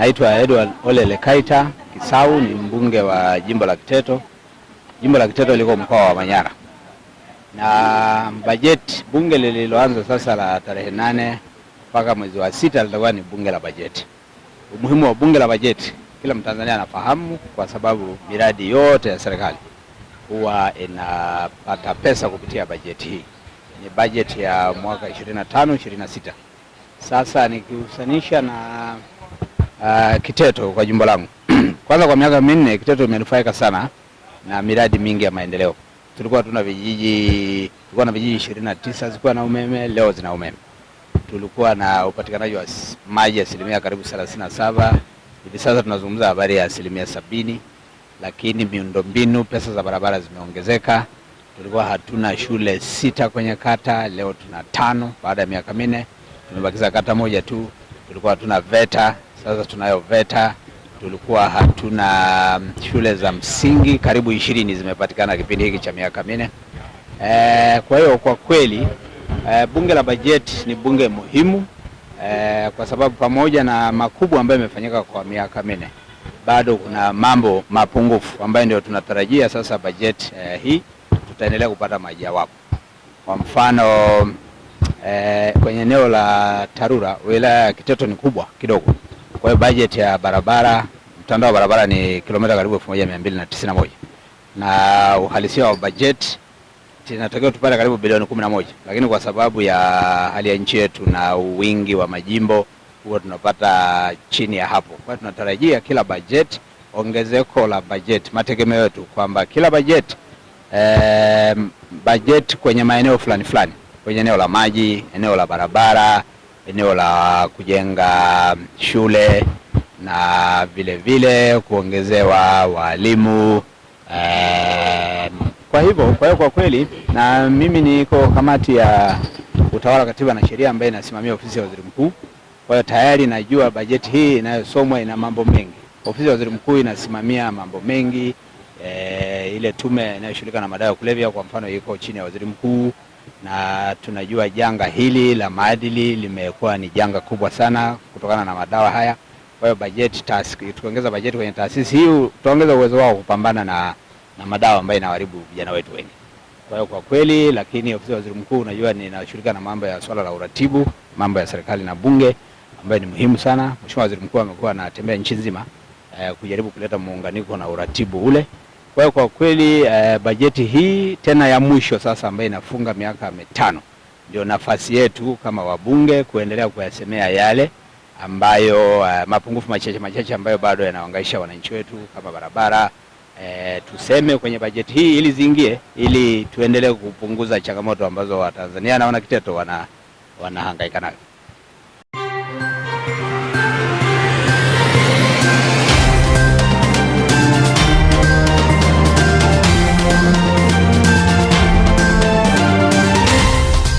Naitwa Edward Ole Lekaita Kisau, ni mbunge wa jimbo la Kiteto. Jimbo la Kiteto liko mkoa wa Manyara, na bajeti bunge lililoanza sasa la tarehe nane mpaka mwezi wa sita litakuwa ni bunge la bajeti. Umuhimu wa bunge la bajeti kila Mtanzania anafahamu, kwa sababu miradi yote ya serikali huwa inapata pesa kupitia bajeti hii. Ni bajeti ya mwaka 25 26. Sasa nikihusanisha na uh, Kiteto kwa jimbo langu kwanza kwa miaka minne Kiteto imenufaika sana na miradi mingi ya maendeleo. Tulikuwa tuna vijiji tulikuwa na vijiji ishirini na tisa zilikuwa na umeme, leo zina umeme. Tulikuwa na upatikanaji wa maji asilimia karibu thelathini na saba hivi sasa tunazungumza habari ya asilimia sabini. Lakini miundombinu, pesa za barabara zimeongezeka. Tulikuwa hatuna shule sita kwenye kata, leo tuna tano. Baada ya miaka minne tumebakiza kata moja tu. Tulikuwa hatuna VETA sasa tunayo VETA. Tulikuwa hatuna um, shule za msingi, karibu ishirini zimepatikana kipindi hiki cha miaka minne. E, kwa hiyo kwa kweli e, bunge la bajeti ni bunge muhimu e, kwa sababu pamoja na makubwa ambayo yamefanyika kwa miaka minne bado kuna mambo mapungufu ambayo ndio tunatarajia sasa bajeti e, hii tutaendelea kupata majawabu. Kwa mfano e, kwenye eneo la TARURA wilaya ya Kiteto ni kubwa kidogo kwa hiyo bajeti ya barabara, mtandao wa barabara ni kilomita karibu 1291 na uhalisia wa bajeti tunatakiwa tupate karibu bilioni 11, lakini kwa sababu ya hali ya nchi yetu na wingi wa majimbo huwa tunapata chini ya hapo. Kwa hiyo tunatarajia kila bajeti ongezeko la bajeti, mategemeo yetu kwamba kila bajeti eh, bajeti kwenye maeneo fulani fulani, kwenye eneo la maji, eneo la barabara eneo la kujenga shule na vile vile kuongezewa walimu e, kwa hivyo kwa hiyo kwa kweli, na mimi niko kamati ya utawala, katiba na sheria ambayo inasimamia ofisi ya waziri mkuu. Kwa hiyo tayari najua bajeti hii inayosomwa ina mambo mengi. Ofisi ya waziri mkuu inasimamia mambo mengi e, ile tume inayoshughulika na madawa ya kulevya kwa mfano iko chini ya waziri mkuu na tunajua janga hili la maadili limekuwa ni janga kubwa sana kutokana na madawa haya. Kwa hiyo bajeti, tukiongeza bajeti kwenye taasisi hii tutaongeza uwezo wao kupambana na, na madawa ambayo inaharibu vijana wetu wengi. Kwa hiyo kwa kweli, lakini ofisi ya waziri mkuu unajua ninashughulika na mambo ya swala la uratibu, mambo ya serikali na bunge ambayo ni muhimu sana. Mheshimiwa Waziri Mkuu amekuwa anatembea nchi nzima eh, kujaribu kuleta muunganiko na uratibu ule. Kwa hiyo kwa kweli eh, bajeti hii tena ya mwisho sasa ambayo inafunga miaka mitano ndio nafasi yetu kama wabunge kuendelea kuyasemea yale ambayo eh, mapungufu machache machache ambayo bado yanawangaisha wananchi wetu kama barabara eh, tuseme kwenye bajeti hii ili ziingie, ili tuendelee kupunguza changamoto ambazo Watanzania na Kiteto wana wanahangaika nayo.